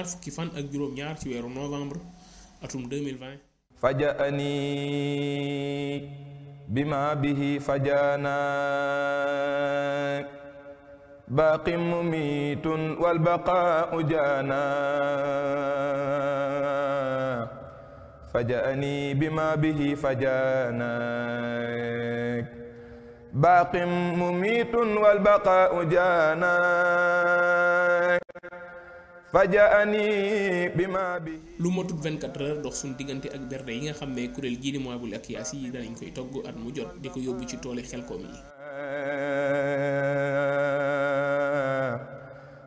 ñaar fukki fan ak juróom-ñaar ci weeru novembre atum 2020 fajaani bima bihi fajaana baaqi mumitun walbaqaau jaana fajaani bima bihi fajaana باق مميت والبقاء جانا fajaani bi ma bi lu motut 24 heures dox suñ diggante ak berde yi nga xam ne kuréel gii di Mouwahiboul Akyas yi danañ koy togg at mu jot di ko yóbbu ci tooli Xelkom yi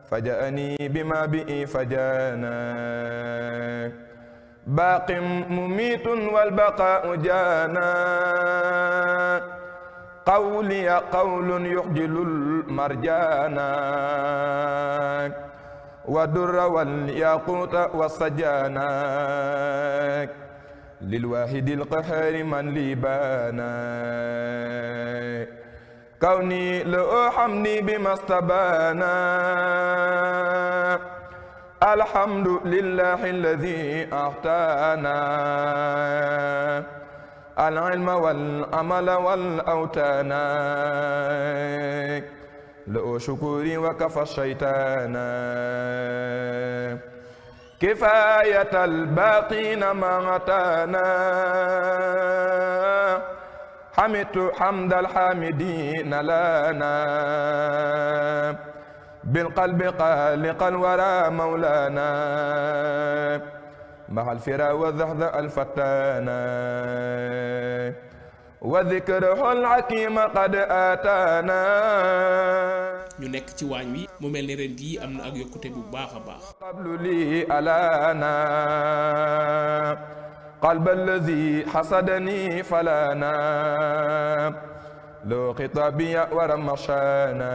fajaani bi ma bi fajaanak baaqim mumitun wal baqaau jaana qawliya qawlun yuxjilul marjaana والدر والياقوت والسجاناك للواحد القهار من لي بانا كوني لأحمني بما استبانا الحمد لله الذي أعطانا العلم والعمل والأوتانا لو شكور وكفى الشيطان كفاية الباقين معتانا حمدت حمد الحامدين لنا بالقلب قلقا ورا مولانا مع الفرا والذهذ الفتانا وذكره الحكيم قد آتانا ñu nekk ci waañ wi mu mel ni ren jii am na ak yokkute bu baax a baax قبل لي ألانا قلب الذي حسدني فلانا لو خطابي ورمشانا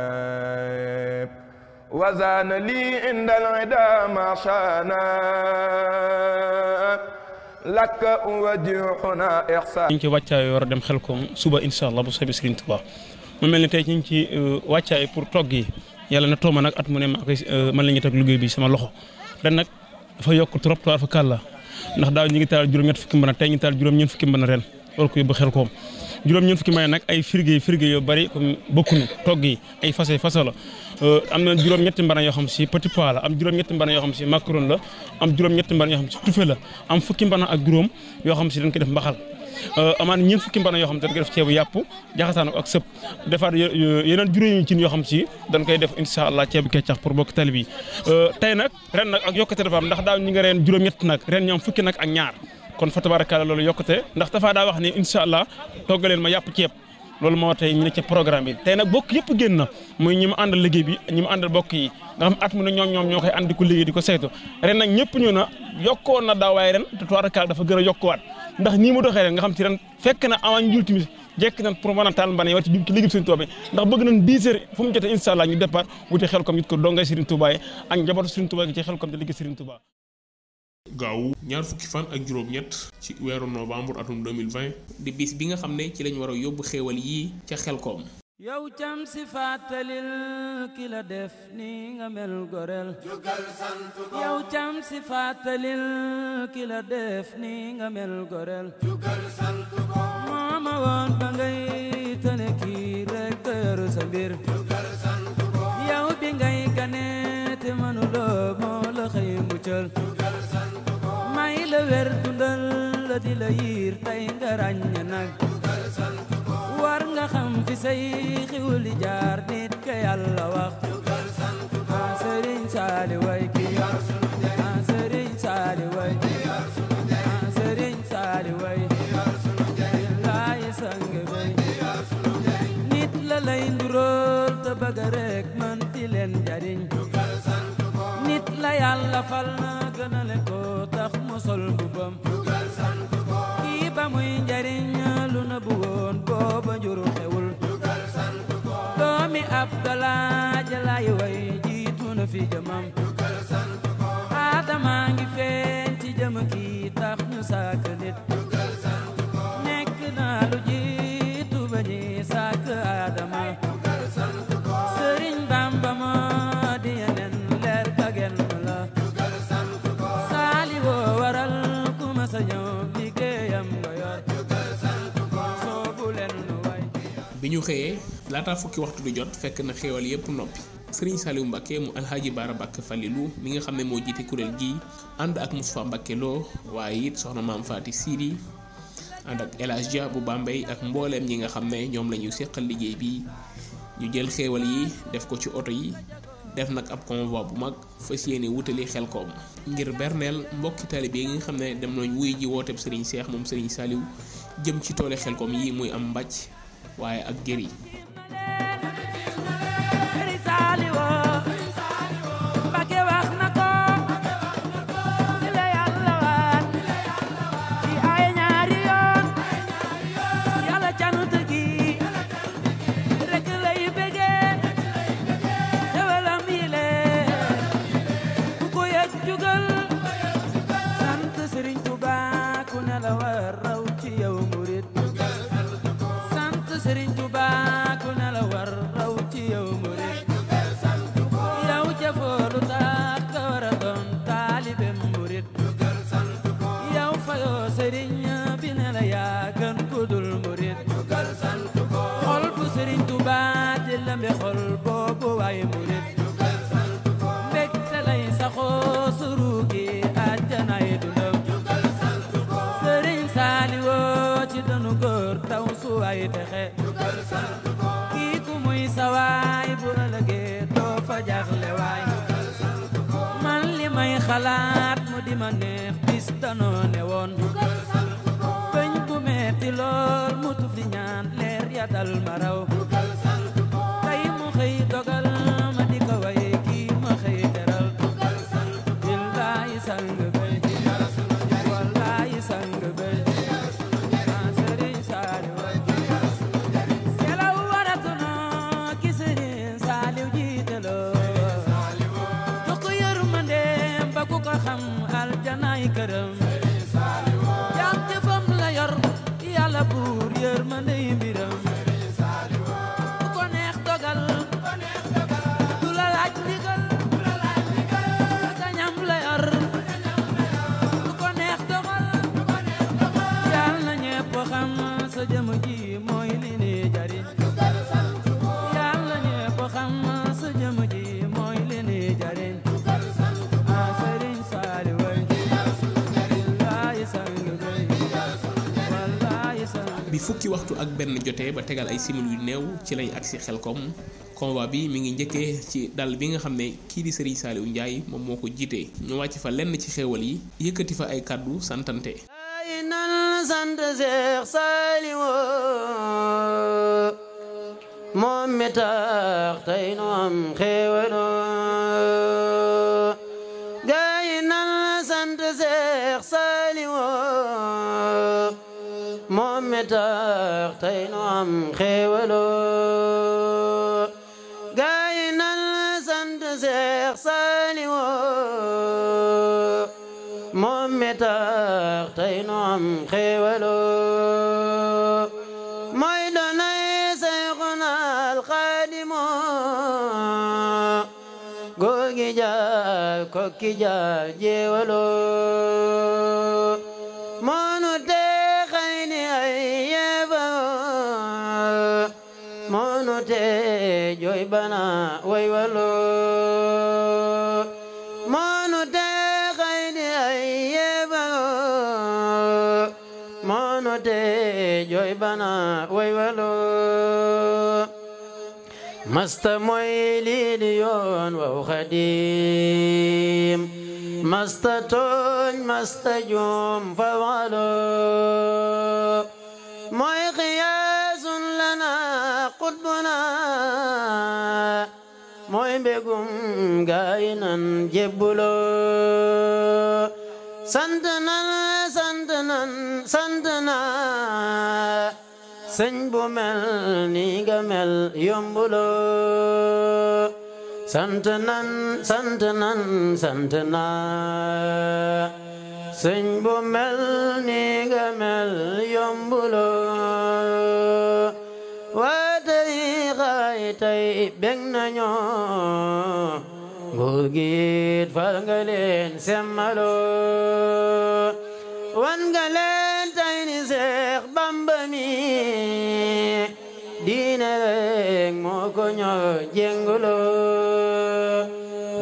وزان لي عند العدا ما شانا lakka wajhuna ihsan ñu ngi ci wàccaay war a dem xel koom suba insha allah bu soobee Sëriñ Tuubaa mu mel ni tey ñu ngi ci euh, wàccaay pour togg yi yàlla na tooma nag at mu ne ma koy euh, man la ñuy teg liggéey bi sama loxo ren nag dafa yokk trop a fa kàlla ndax daaw ñu ngi taal juróom-ñett fukki mbana tey ñu taal juróom-ñeent fukki mbana ren war ko yóbbu xel koom juróom-ñeent fukki mbana nag ay firgé firgé yu bari comme bokkuñu togg yi ay fase fase la Euh, am na juróom-ñetti mbaran yoo xam si petit pois la am juróom-ñetti mbaran yoo xam si macaron la am juróom-ñetti mbaran yoo xam si tufe la am fukki mbaran ak juróom yoo xam si dañ koy def mbaxal euh, amaan yoo xam ne dañ koy def ceebu yàpp jaxasaan ak sëb defaat yeneen juróomi cin yoo xam si dañ koy def insha allah ceebu keccax pour bokk tali bi euh, tey nag ren nag ak yokkate dafa am ndax daaw ñi nga reen juróom-ñett nag ren ñoom fukki nag ak ñaar kon fa tabaarakaala loolu yokkate ndax dafa daa wax ne insha allah toggaleen ma yàpp ceeb loolu moo tey ñu ne ca programme bi nag bokk yëpp génn na muy ñi mu àndal liggéey bi ñi mu bokk yi nga xam at mu ne ñoom ñoom ñoo koy ànd di ko liggéey di ko saytu ren nag ñëpp ñu na yokkoon na daaw waaye ren te toirakaal dafa gën a yokkuwaat ndax nii mu doxee ren nga xam ci ren fekk na avant ñu jul timis jekk nañ pour mën a taal mbane war ci jub ci liggéey Serigne Touba bi ndax bëgg nañ 10 heures mu jotee incha allah ñu départ wuti xel kom it ko dongay yi ak gaawu ñaar fukki fan ak juróom-ñett ci weeru novembre atum 2020 di bi nga xam ne ci a yóbbu xéewal yii ca xelkoom yow cam si fàttalil ki la def ni nga mel gorel ko yow cam si fàttalil ki la def ni nga mel gorel ko mooma woon ba ngay tane kii rek te yoru sa mbir jugal ko yow bi ngay ganete mënuloo moo la xëy muccal wér dundal la di la yiir tey nga ràññ nag war nga xam fi say xiwli jaar nit ka yàlla wax ah, sëriñ saali way ki yor sunu njëriñ ah sëriñ saali way ki yor sunu njëriñ ah sëriñ saali way ki yor sunu njëriñ laayi sang bay ki yor sunu njëriñ nit la lay nduróol te bëgg rek man ti leen jariñ nit la yàlla fal na gënale ko Abdallah Jalaay way jiitu na fi jëmam Adama ngi feeñ ci jëm ki tax ñu sàkk nit nekk na lu jiitu ba ñi sàkk Adama Sëriñ Bamba moo di yeneen leer ka genn la saali woo waral ku ma ñëw liggéeyam nga yor soobu leen lu way bi ñu xëyee laata fukki waxtu du jot fekk na xéewal yépp noppi sëriñ Saliou Mbacke mu alxaaji Baara Mbacke Falilou mi nga xam ne moo jiite kuréel gi ànd ak Moustapha Mbacke Lo waaye it soxna maam Faati Sidi ànd ak El Hadj bu Bambey ak mbooleem ñi nga xam ne ñoom lañuy ñu seqal liggéey bi ñu jël xéewal yi def ko ci oto yi def nag ab convoi bu mag fas yéene wutali xel koom ngir berneel mbokki taalibe yi nga xam ne dem nañ wuy ji wooteeb sëriñ Cheikh moom sëriñ Saliou jëm ci toole xel koom yi muy am mbàcc waaye ak gér yi sawaay bu ëllëgee doo fa jaaxle waay man li may xalaat mu di ma neex bis danoo ne woon bañ bu metti lool mu tuf leer ya dal ma benn jotee ba tegal ay simili yu néew ci lañ agsi Xelkom convoi bi mi ngi njëkkee ci dal bi nga xam ne kii di Serigne Saliou Ndiaye moom moo ko jiitee ñu wàcc fa lenn ci xéewal yi yëkkati fa ay kàddu santante sant Seex Saaliw moom mi tax tey nu am xéewal am xéewaloo gaay nan la sant Seex Saaliwoo moom mi tax tey nu am xéewaloo mooy doonay Seexuna Alxaadimoo googi jaay kokki jaay jéewaloo masta mooy liili yoon waw xadim masta tooñ masta juum fa walo mooy xiyaasun lana qutbuna mooy mbegum gaayi nan jebbulo sant nan sëñ bu mel ni nga mel yombuloo sant nan sant bu mel ni nga mel yombuloo waa tey xaay tey bég nañoo nguur gi it fal leen semmaloo wan mi diine rek moo ko ñor jéngulo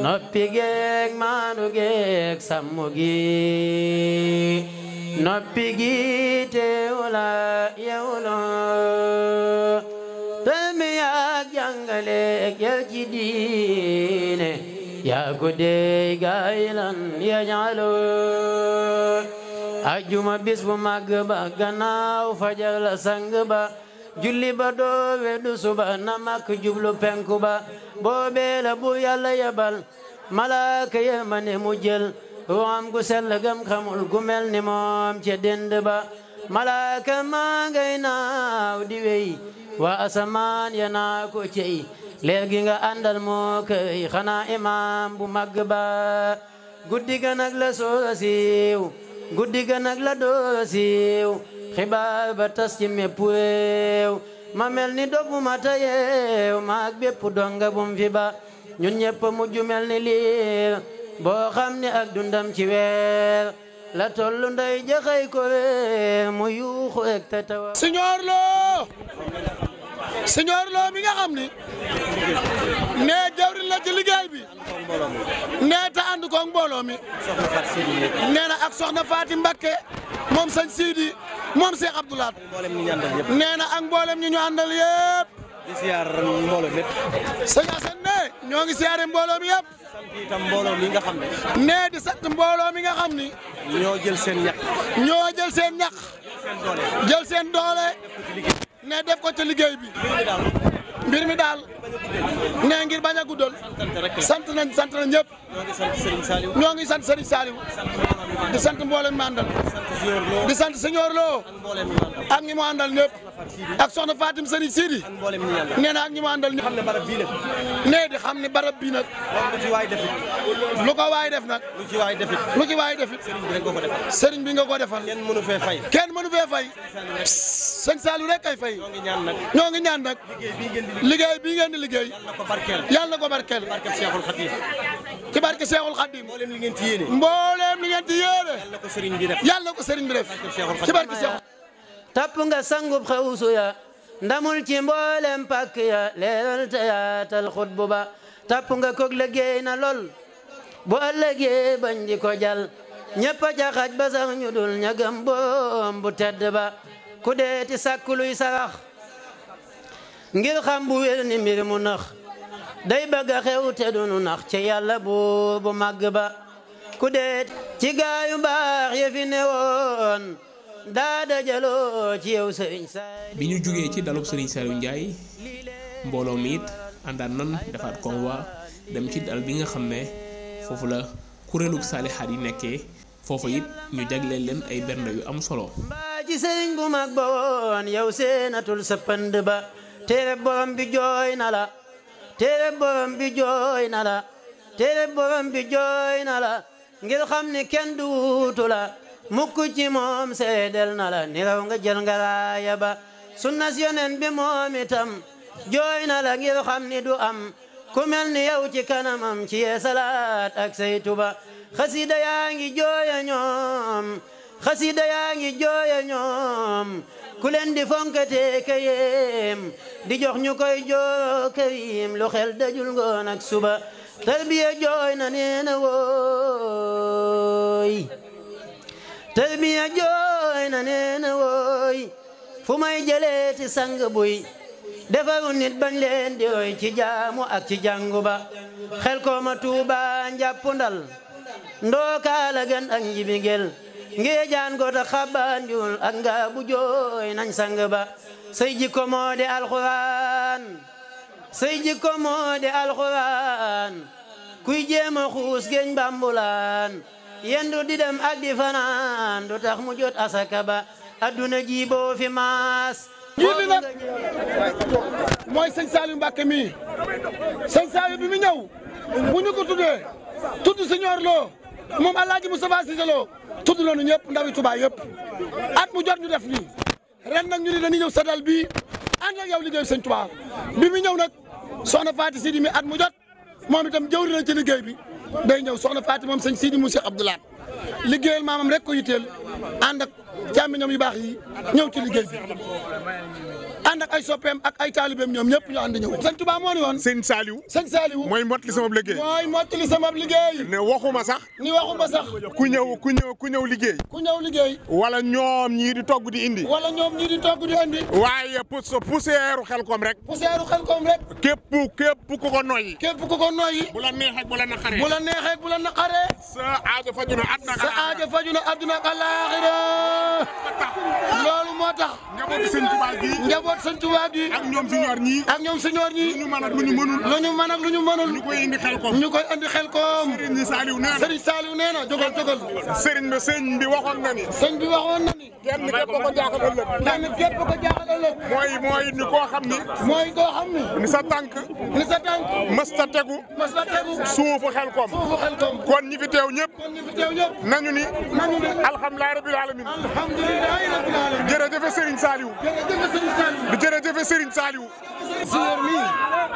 noppi geek maanu geek sammu noppi gi teewula yewulo tami yaak jàngaleek yel ci diine yaa dey gaayilan ya ajjuma bis bu màgg ba gannaaw fajar sang ba julli ba doo weddu suba na makk jublu penku ba boobee la bu yàlla yebal malaaka ya ma ne mu jël gu sell gam xamul gu ni moom ca dend ba malaaka maa ngay di wey waa asamaan ya naa ko cey leer gi nga àndal moo koy xanaa imaam bu màgg ba guddi ga la soo siiw guddi ga nag la doosiw xibaar ba tas ci mépp réew ma mel ni doguma ta yeew maag bépp donga bum fi ba ñun ñépp mujj mel ni liir boo xam ni ak dundam ci weer la tollu ndey jaxay ko mu yuuxu ek ta tawa Señor lo sëñoor loo mi nga xam ni nee jawrin la ci liggéey bi nee te ànd koog mbooloo mi nee na ak soxna Faati Mbakke moom sëñ Siidi moom Cheikh Abdou Lahad nee na ak mboolem ñi ñu àndal yëpp di siyaar mbooloo mi sëñ Asan ne ñoo ngi siyaare mbooloo mi yëpp sant itam mbooloo mi nga xam ne nee di sant mbooloo mi nga xam ni ñoo jël seen ñaq ñoo jël seen ñaq jël seen doole ne def ko ci liggéey bi. mbir mi daal nee ngir bañ a guddal sant nañ sant nañ ñëpp ñoo ngi sant Serigne Saliou di sant mboolem mi àndal di sant Seigneur Lo ak ñi mu àndal ñëpp ak soxna Fatim Serigne Sidi nee na ak ñi mu àndal ñëpp nee di xam ne barab bii nag lu ko waay def nag lu ci waay defit lu ci waay defit Serigne bi nga ko defal kenn mënu fee fay kenn mënu fee fay Serigne Saliou rek kay fay ñoo ngi ñaan nag liggéey bii ngeen di liggéey. yàlla na ko barkeel yàlla na ko barkeel. barkeel Seexul Xadim. ci barke Seexul Xadim. mbooleem ko sëriñ bi def Seexul tapp nga sangub xawsu ya ndamul ci mbooleem pàkk ya leeral te yaatal xutbu ba tapp nga koog liggéey na lool bu ëllëgee bañ di ko jal ñëpp a jaxaj ba ñu dul ña boom bu tedd ba ku dee ti sàkku sarax ngir xam bu wér ni mbir mu nax day bëgg a xew te du nu nax ci yàlla buur bu màgg ba ku deet ci gaayu baax ya fi newoon daa dajaloo ci yow sëriñ Saliou bi ñu jugee ci dalub sëriñ Saliou Ndiaye mbooloo mi it àndaan nan defaat convoi dem ci dal bi nga xam ne foofu la kuréelug saalixaat yi nekkee foofu it ñu jagleel leen ay bernde yu am solo mbaa ci sëriñ bu mag ba woon yow seenatul sa ba téere borom bi jooy na la téere borom bi jooy na la ngir xam ni kenn duutu la mukk ci moom seedel na la ni nga jël nga raaya ba sunnas yonen bi moom itam jooy na la ngir xam ni du am ku ni yow ci kanamam ci yee ak saytu ba xasida yaa ngi jooya ñoom xasida yaa ngi jooya ñoom ku leen di fonkatee kayem di jox ñu koy joo kayim lu xel dajul ngoon ak suba tarbiya jooy na neena wooy tarbiya jooy na neena wooy fu may jëleeti sang buy defaru nit bañ leen di woy ci jaamu ak ci jàngu ba xel kooma tuuba njàppu ndal ndookaala gan ak njibigel ngéejaan gota xabaan jul ak nga bu jooy nañ sang ba say jikko moo de alxuraan say jikko moo de alxuraan kuy jéem a xuus géeñ bambulaan yendu di dem ak di fanaan du tax mu jot asaka ba adduna ji fi maas ñii di mooy sëñ Saliou Mbacke mii sëñ Saliou bi mu ñu ko tuddee tudd si ñoor moom Alaaji Moustapha Cissé Lo tudd nañu ñëpp ndawi Touba yëpp at mu jot ñu def nii ren nag ñu ni dañuy ñëw seddal bii ànd ak yow liggéey sëñ Touba bi mu ñëw nag soxna Faati Sidi mi at mu jot moom itam jëwri nañ ci liggéey bi day ñëw soxna Faati moom sëñ Sidi mu Cheikh Abdoulaye liggéeyal maamam rek ko yitteel ànd ak ñoom yi baax yi ñëw ci liggéey bi ànd ak ay soppeem ak ay taalibeem ñoom ñëpp ñu ànd ñëw sëñ Tuubaa moo ni woon sëñ Saaliw sëñ Saaliw mooy mottali sama liggéey mooy mottali sama liggéey ne waxuma sax ni waxuma sax ku ñëw ku ñëw ku ñëw liggéey ku ñëw liggéey wala ñoom ñii di togg di indi wala ñoom ñii di togg di indi waaye pus poussière Xelcom rek poussière Xelcom rek képp képp ku ko noyyi képp ku ko noyyi la neexee bu la naqaree bu la neexee bu la naqaree sa aajo fajuna àdduna sa aajo fajuna àdduna ak àllaaxira loolu moo tax njaboot sëñ Tuubaa njaboot sëñ Tuubaa gi ak ñoom siñoor ñi ak ñoom siñoor ñi lu ñu mën ak lu ñu mënul ñu mën ak xel koom ñu koy indi xel koom sëriñ Saliou nee sëñ bi waxoon na ni na ni kenn képp ko jaaxal ëllëg kenn képp ko jaaxal ni sa tànk ni sa ta tegu mës tegu suufu xel koom suufu xel koom kon ñi fi teew ñëpp kon ñi fi teew ñëpp nañu ni alamin alhamdulilah rabbil alamin jërëjëf jërëjëf Serigne Saliou. signor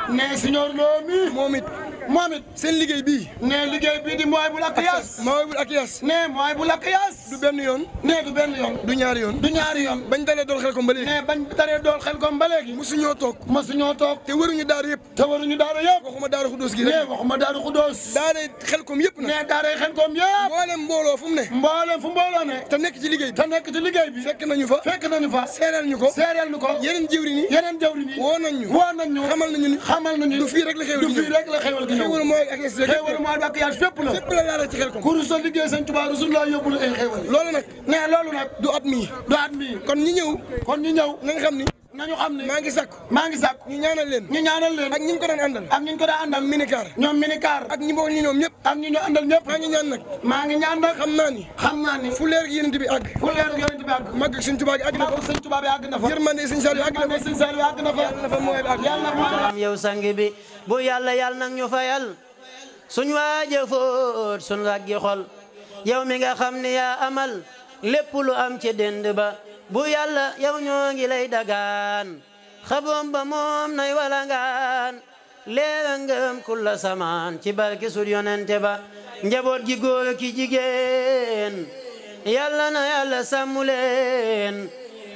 mi ne signor Lo mi moom it moom it seen liggéey bii ne liggéey bii di mooy bu lakk yas mooy bu lakk yas ne mooy bu lakk yas du benn yoon ne du benn yoon du ñaari yoon du ñaari yoon bañ dalee dool xel ko ba léegi ne bañ dalee dool xel ko ba léegi mosuñoo toog mosuñoo toog te waruñu daara yëpp te waruñu daara yëpp waxuma daara xudóos gi rek waxuma daara xudóos daara xel koom yëpp ne daara xel koom yëpp mboolem mbooloo fu ne mboolem fu mbooloo ne te nekk ci liggéey bi fekk nañu fa fekk xéwal mooy ak yas xéwal mooy ak yas la fépp laa yóbbul loolu nag nee loolu nag du at mii du at mii kon ñi ñëw kon ñi ñëw na xam ni nañu xam ne maa ngi sakku maa ngi sakku ñu ñaanal leen ñu ñaanal leen ak ñi ñu ko daan àndal ak ñi ñu ko daan àndal minicar ñoom minicar ak ñi bokk ñi ñoom ñëpp ak ñi ñu àndal ñëpp ñaan nag maa ngi ñaan nag xam naa ni xam naa ni fu leer gi yonent bi àgg fu bi àgg mag gi àgg na fa sëñ Tuubaa bi àgg na fa yërmande sëñ Saliou àgg na fa sëñ Saliou àgg na fa yàlla na fa mooy àgg yàlla na yow sang bi bu yàlla yàlla nag ñu fayal suñ waaje fóot suñ wàggi xol yow mi nga xam ne yaa amal lépp lu am ci dend ba bu yàlla yow ñoo ngi lay dagaan xaboom ba moom nay walangaan leera ngërëm kulla samaan ci barke sur yonente ba njaboot gi góor ki jigéen yàlla na yàlla sàmmu leen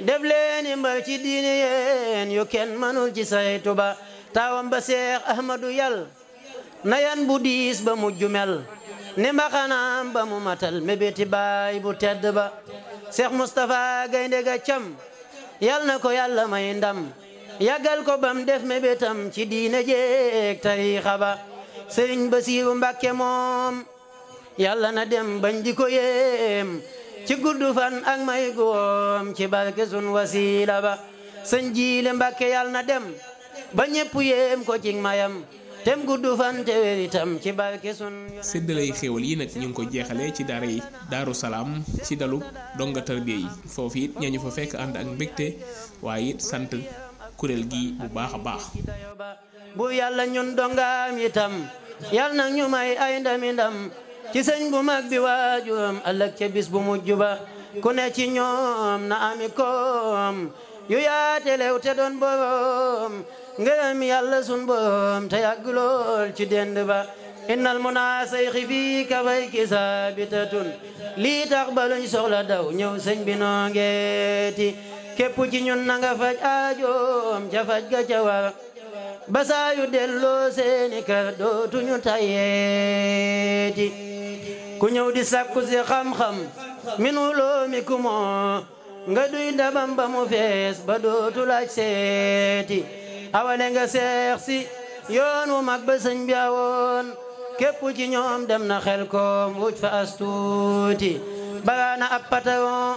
def leen i mbar ci diine yeen yu kenn mënul ci saytu ba taawam ba seex ahmadu yàlla na yan bu diis ba mujju mel ni mbaxanaam ba mu matal mébéti baay bu tedd ba Cheikh Moustapha gaynde ga cam yal na ko yàlla may ndam yàggal ko bam def mébétam ci diine jeeg tariixa ba sëriñ Basiiru Mbàkke moom yàlla na dem bañ di ko yéem ci gudd fan ak may goom ci barke sun wasiila ba sëñ jiile Mbàkke yàlla na dem ba ñépp yéem ko ci mayam tem gudd fan te wér itam ci barke sun séddalay xéewal yi nag ñu ngi ko jeexalee ci daara yi daaru salaam ci dalub donga tarbiya yi foofu it ñañu fa fekk ànd ak mbégte waaye it sant kuréel gi bu baax a baax bu yàlla ñun dongaam itam yàlla nag ñu may ay ndami ndam ci sëñ bu mag bi waajuram ëllëg ca bis bu mujj ba ku ne ci ñoom na ami koom yu yaatelew te doon boroom ngërëm yàlla sun boom te yàgg lool ci dend ba innal muna sayxi fii kafay ki saabitatun lii tax baluñ soxla daw ñëw sëñ bi noo ngeeti képp ci ñun nanga faj aajoom ca faj ga ca war ba saa delloo seeni kër dootuñu tayeeti ku ñëw di sakku si xam-xam min wuloomi kumoo nga duy dabam ba mu fees ba dootu laaj seeti awale nga seex si yoon wu mag ba sëñ bi awoon képp ci ñoom dem na xel koom wuj fa astuuti bagaana ab patayon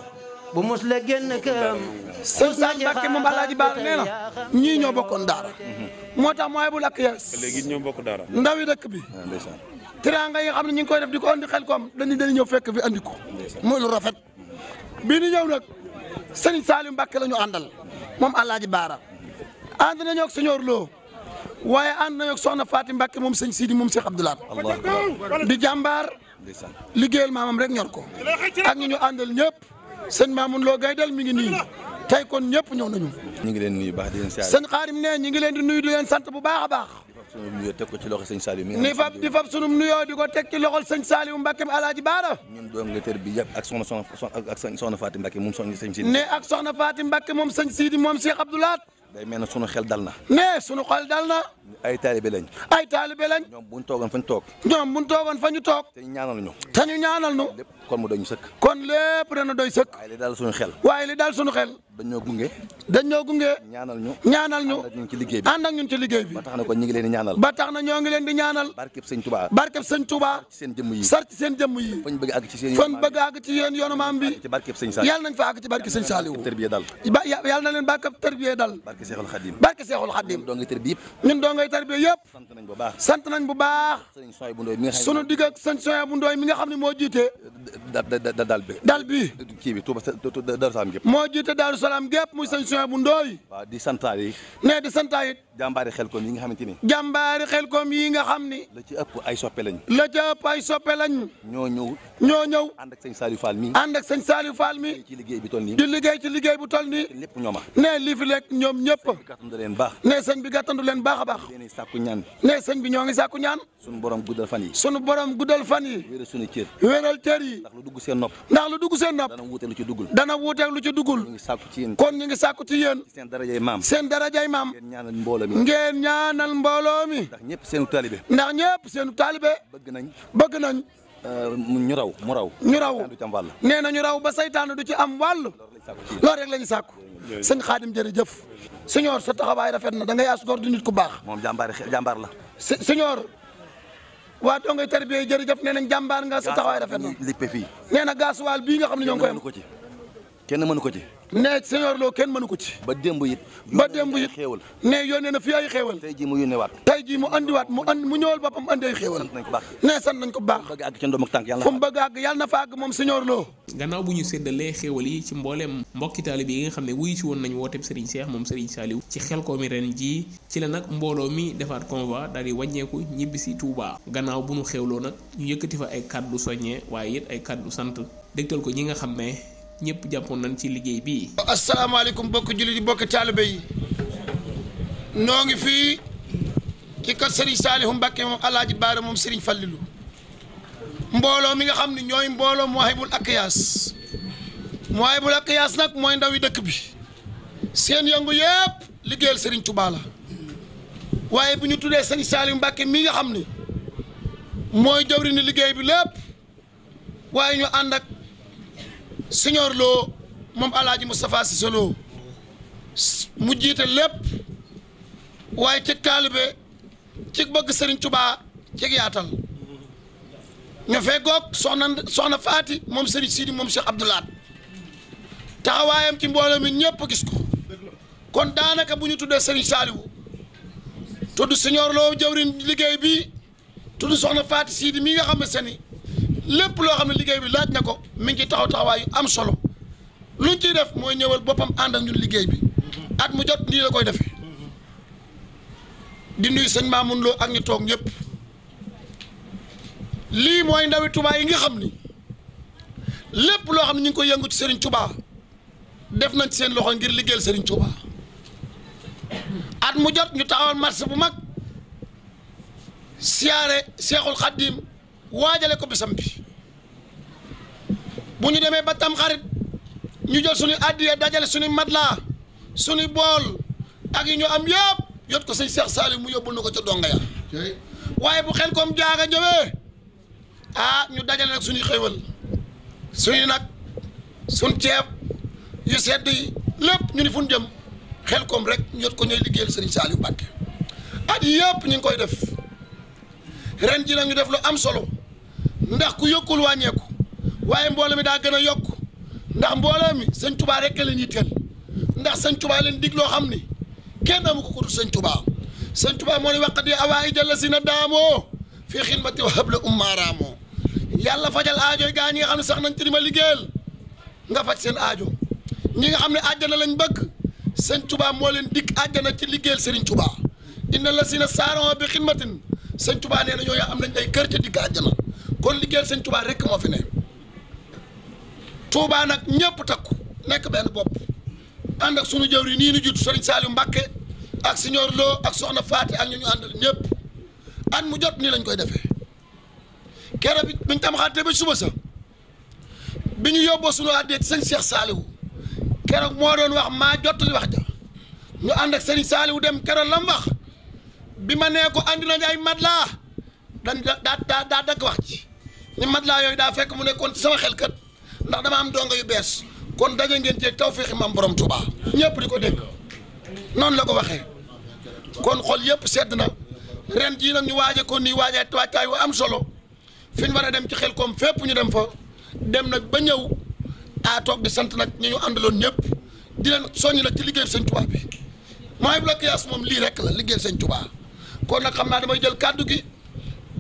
bu mus la génn këram sëñ Saam Mbàkke moom Alaaji Baal nee na ñii ñoo bokkoon daara moo tax mooy bu lakk yees léegi ñoo bokk daara ndawi dëkk bi ah, teraanga yi nga xam ne ñu ngi koy di ko andi xel koom dañu dañu ñëw fekk fi andi ko muy lu rafet bi ñow ñëw nag sëñ Saalim Mbàkke la ñu àndal Baara ànd nañoo ak señor Lo waaye ànd nañoo ak soxna Faati Mbàkke moom sëñ Sidi moom Cheikh Abdoulaat di jàmbaar liggéeyal maamam rek ñor ko ak ñu ñu àndal ñëpp sëñ Maamun Lo Gaydel mi ngi nii tey kon ñëpp ñëw nañu. ñu ngi leen nuyu baax Xaarim ne ñu ngi leen di nuyu di leen sant bu baax a baax. sunu nuyoo teg ko ci ni fab di fab di ko teg ci loxol sëñ Saliou Mbacke Alaaji Baara ñun doom nga tër bi yëpp ak soxna soxna ak soxna Fatim Mbacke moom soxna sëñ Sidi ne ak soxna moom sëñ Sidi moom day mel ne sunu xel dal na. ne sunu xel dal na. ay taalibe lañ. ay taalibe lañ. ñoom bu ñu toogoon fa toog. ñoom bu ñu toogoon fa ñu toog. te ñu ñaanal ñu. te ñu ñaanal ñu. lépp kon mu doy ñu sëkk. kon lépp dana doy sëkk. waaye li dal sunu xel. waaye li dal sunu xel. dañoo gunge dañoo gunge ñaanal ñu ñaanal ñu ànd ak ñun ci liggéey bi ànd ak ñun ci liggéey bi ba tax na kon ñu ngi leen di ñaanal ba tax na ñoo ngi leen di ñaanal barkeb sëñ Touba barkeb sëñ Touba ci seen jëmm yi sar ci seen jëmm yi fañ bëgg àgg ci seen fañ bëgg àgg ci yéen yoonu maam bi ci barkeb sëñ Saliou yàlla nañ fa àgg ci barkeb sëñ Saliou tërbiye dal yàlla na leen barkeb tërbiye dal barke Seexul Xadim barke Seexul Xadim doo ngay tërbiye yëpp ñun doo ngay tërbiye yëpp sant nañ bu baax sant nañ bu baax sëñ Soy bu Ndoy mi nga xam sunu digg ak sëñ Soy bu Ndoy mi nga xam ne moo jiite dal bi dal bi kii bi Touba Daaru Salaam moo jiite Daaru salaam gépp muy sëñ di santaa yi ne di santaa it jàmbaari xel koom yi nga xamante ni jàmbaari ci ay soppe lañ la ci ëpp ñoo ñëw ñoo ñëw ànd ak sëñ Saliou Fall mi ànd ak liggéey bi toll nii di liggéey ci liggéey bu toll nii lépp ñooma ne li fi lekk ñoom ñëpp gàttandu leen baax ne sëñ bi gàttandu leen baax a baax leen sàkku ñaan ne sëñ bi ñoo ngi sàkku ñaan suñu borom guddal fan yi suñu borom yi wéeral suñu cër wéeral cër yi ndax lu dugg seen nopp ndax lu dugg seen nopp dana wuuteeg lu ci duggul ci yéen kon ñu ngi sàkku ci yéen seen darajay maam seen darajay maam ngeen ñaanal mbooloo mi ngeen ñaanal mbooloo mi ndax ñëpp seenu taalibe ndax ñëpp seenu taalibe bëgg nañ bëgg nañ euh, ñu raw mu raw ñu raw nee na ñu raw ba saytaanu du ci am wàll loolu rek la ñu sàkku sëñ xaadim jërëjëf señor sa taxawaay rafet na da ngay asgoor di nit ku baax moom jàmbaar jàmbaar la señor waa doo ngay tarbiye jërëjëf nee nañ jàmbaar nga sa taxawaay rafet na nee na gaasuwaal bii nga xam ne ñoo ngi koy kenn mënu ko ci ne kenn mënu ko ci ba démb ba démb it xéewal ne na fi ay xéewal tey jii mu yónneewaat tey jii mu andiwaat mu and mu ñëwal boppam andi ay xéewal ne sant ko bu baax bëgg àgg ca ndoom ak tànk yàlla fu mu bëgg àgg yàlla na fa àgg moom Seigneur gannaaw bu ñu séddalee xéewal yi ci mbooleem mbokki taalibe yi nga xam ne wuyu si woon nañ wooteb Serigne Cheikh moom Serigne Saliou ci Xelkomi ren jii ci la nag mbooloo mi defaat convoi daal di wàññeeku ñibbi si Touba gannaaw bu ñu xéewloo nag ñu yëkkati fa ay kàddu soññee waaye it ay kàddu sant dégtal ko ñi nga xam ne ñépp jàppoon nañ ci liggéey bii. asalaamaaleykum bokk jullit yi bokk taalibe yi noo ngi fii ci kër Serigne Saliou Mbacké moom El Hadj moom Serigne Fallilou mbooloo mi nga xam ni ñooy mbooloo Mawahibou Akyas Mawahibou Akyas nag mooy ndaw yi dëkk bi seen yëngu yëpp liggéeyal Serigne Touba waaye bu ñu tuddee Serigne Saliou Mbacké mi nga xam ne mooy jawri ni liggéey bi lépp waaye ñu ànd ak. Sëñoor Lo moom Alaaji Moustapha Cissé Lo mu jiite lépp waaye ci taalibe ci bëgg sëriñ Touba ci yaatal ñoo fee goog soxna soxna Faati moom Serigne Sidi moom Cheikh Abdoulaat taxawaayam ci mbooloo mi ñëpp gis ko kon daanaka bu ñu tuddee Serigne Saliou tudd Sëñoor Lo jëwriñ liggéey bi tudd soxna Faati Sidi mi nga xam ne seni lépp loo xam ne liggéey bi laaj na ko mi ngi ci taxaw taxawaayu am solo luñ ciy def mooy ñëwal boppam ànd ak ñun liggéey bi at mu jot nii la koy defee di nuyu sëñ Mamoun ak ñu toog ñëpp lii mooy ndawi Touba yi nga xam ni lépp loo xam ne ñu ngi koy yëngu ci Serigne Touba def nañ seen loxo ngir liggéeyal Serigne Touba at mu jot ñu taxawal marché bu mag siyaare Seexul Xaddiim waajale ko bisam bi bu ñu demee ba tamxarit ñu jël suñu addiya dajale suñu mat matla suñu bool ak yi ñu am yëpp yot ko sëñ Cheikh Saliou mu yóbbu na ko ca donga ya waaye bu xel koom jaaga ñëwee ah ñu dajale nag suñuy xéwal suñu nag suñ ceeb yu sedd lépp ñu ni fu jëm xel koom rek yot ko ñooy liggéeyal sëriñ Saliou Mbacke at yëpp ñu ngi koy def ren ji nag ñu def lu am solo ndax ku yokkul wàññeeku waaye mboole mi daa gën a yokk ndax mbooloo mi sëñ tubaa rek leen yitteel ndax sëñ tubaa leen dig loo xam ni kenn amu ko kutu sëñ tubaa sëñ tubaa moo ne waqat yi awaa ijalla si na daamoo fii xidmati wa habla ummaaraamoo yàlla fajal aajo gaa ñi nga xam ne sax nañ ci ma liggéeyal nga faj seen aajo ñi nga xam ne àjjana lañ bëgg seen tubaa moo leen dig àjjana ci liggéeyal sëriñ tubaa inna la si na saaroo bi xidmatin sëñ tubaa nee na ñooyu am nañ ay kër ca digg kon liggéeyal sëñ tubaa rekk moo fi ne Touba nag ñëpp takku nekk benn bopp ànd ak sunu jëwri nii nu judd Sëriñ Saliou Mbacke ak Signor loo ak Soxna Faati ak ñu ñu àndal ñëpp at mu jot nii lañ koy defee keroog biñ tam xaatee ba suba sax bi ñu yóbboo sunu àddee sëñ Cheikh Saliou keroog moo doon wax maa jottali wax ja ñu ànd ak sëriñ Saliou dem keroog lam wax bi ma nee ko andi nañ ay mat laa dañ daa daa daa dakk wax ci ñu ni matelas yooyu daa fekk mu nekkoon ci sama xel kat ndax dama am dongo yu bees kon daje ngeen ceeg tawféexi maam borom Touba ñëpp di ko dégg noonu la ko waxee kon xol yëpp sedd na ren jii nag ñu waaje ko nii waajaay waajtaay wu am solo fi ñu war a dem ci xel koom fépp ñu dem fa dem nag ba ñëw a toog sant nag ñu ñu àndaloon ñëpp di leen soññ nag ci liggéey sëñ Touba bi mooy blocage moom lii rek la liggéey sëñ Touba kon nag xam naa damay jël kàddu gi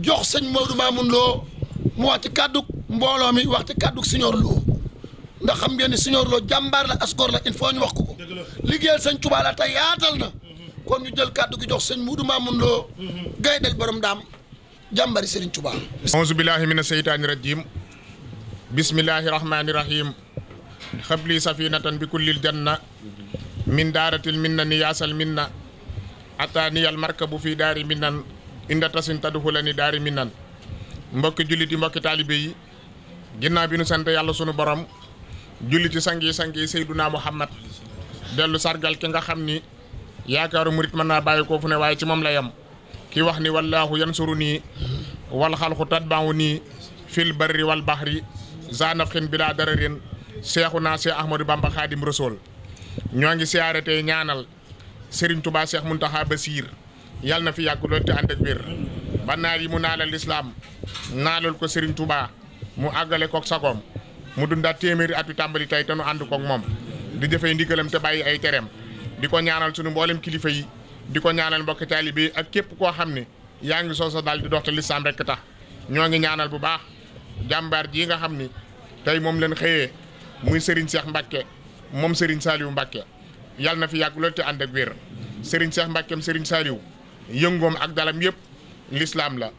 jox sëñ Modou Mamoun Lo mu wax ci kàddug mbooloo mi wax ci kàddug Signor ndax xam ngeen ni Signor Lo jàmbaar la asgor la il faut ñu wax ko ko liggéeyal sëñ Tuubaa la tey yaatal na kon ñu jël kàddu gi jox sëñ Muudu Maamun Lo gaydel borom daam jàmbari sëriñ Tuubaa auzu billaahi mina seytaani rajiim bismillaahi rahmaani rahiim xabli safinatan bi kullil janna min daaratil minna ni yaasal minna ataaniyal markabu fii daari minnan inda tasin tadxulani daari minnan mbokki jullit yi mbokki taalibe yi ginnaaw bi nu sant yàlla sunu borom julli ci sang yi sang yi Seydunaa Muhammad dellu sargal ki nga xam ni yaakaaru murit mën naa bàyyi ko fu ne waaye ci moom la yem ki wax ni wallaahu yansuru nii wal xalxu tatbaawu nii fil barri wal baxri zanafxin bi daa dararin seexu naa Seex Ahmadu Bamba Xaadim Rasuul ñoo ngi siyaare tey ñaanal Serigne tubaa Seex Muntaxa Basiir yàlla na fi yàgg lool te ànd ak ba naar yi mu naalal lislaam naalal ko Serigne Touba mu àggale kook sagoom mu dundaat téeméeri at yu tàmbali tey te nu ànd kook moom di jëfee ndigalam te bàyyi ay tereem di ko ñaanal sunu mboolem kilifa yi di ko ñaanal mbokki taalibe yi ak képp koo xam ne yaa ngi soosa daal dox te lislaam rekk tax ñoo ngi ñaanal bu baax jàmbaar jii nga xam ni tey moom leen xëyee muy Serigne Cheikh Mbacke moom Serigne Saliou Mbacke yàlla na fi yàgg lool te ànd ak wér Serigne Cheikh Serigne Saliou yëngoom ak dalam yëpp. lislaam la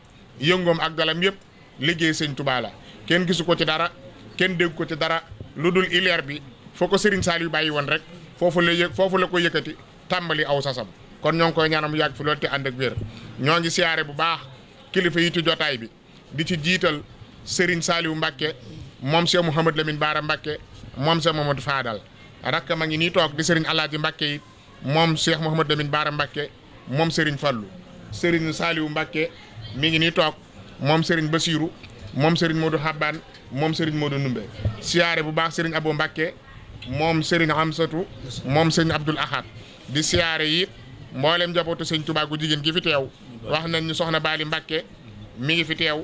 yëngoom ak dalam yëpp liggéey sëñ tubaa la kenn gisu ko ci dara kenn dégg ko ci dara lu dul ileer bi foo ko sëriñ Saal yu bàyyi woon rek foofu la yë la ko yëkkati tàmbali aw sasam kon ñoo ngi koy ñaanam yàgg fi loolu te ànd ak wér ñoo ngi siyaare bu baax kilifa yi ci jotaay bi di ci jiital sëriñ Saaliwu Mbàkke moom Cheikh Mouhamad Lamine Baara Mbàkke moom Cheikh Mouhamad Faadal rakk ma ngi nii toog di sëriñ Alaaji Mbàkke yi moom Cheikh Mouhamad Lamine Baara Mbàkke moom sëriñ Fallu Serigne Saliou Mbacke mi ngi nii toog moom Serigne Bassirou moom moo Modou Habane moom moo Modou Numbe siyaare bu baax Serigne Abo Mbacke moom Serigne Amsatou moom Serigne Abdoul Ahad di siyaare yi mboolem njabootu sëñ Touba gu jigéen gi fi teew wax nañ ñu soxna baali mbakke mi ngi fi teew